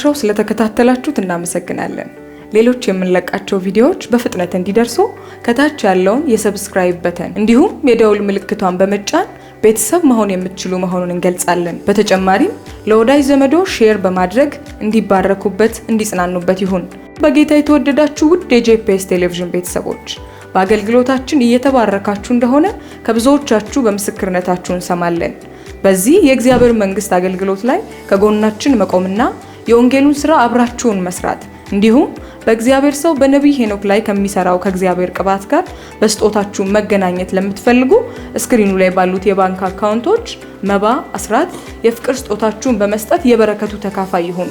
ሾው ስለተከታተላችሁት እናመሰግናለን። ሌሎች የምንለቃቸው ቪዲዮዎች በፍጥነት እንዲደርሱ ከታች ያለውን የሰብስክራይብ በተን እንዲሁም የደውል ምልክቷን በመጫን ቤተሰብ መሆን የምትችሉ መሆኑን እንገልጻለን። በተጨማሪም ለወዳጅ ዘመዶ ሼር በማድረግ እንዲባረኩበት፣ እንዲጽናኑበት ይሁን። በጌታ የተወደዳችሁ ውድ የጄፒኤስ ቴሌቪዥን ቤተሰቦች በአገልግሎታችን እየተባረካችሁ እንደሆነ ከብዙዎቻችሁ በምስክርነታችሁ እንሰማለን። በዚህ የእግዚአብሔር መንግስት አገልግሎት ላይ ከጎናችን መቆምና የወንጌሉን ስራ አብራችሁን መስራት እንዲሁም በእግዚአብሔር ሰው በነቢይ ሄኖክ ላይ ከሚሰራው ከእግዚአብሔር ቅባት ጋር በስጦታችሁ መገናኘት ለምትፈልጉ እስክሪኑ ላይ ባሉት የባንክ አካውንቶች መባ፣ አስራት፣ የፍቅር ስጦታችሁን በመስጠት የበረከቱ ተካፋይ ይሁኑ።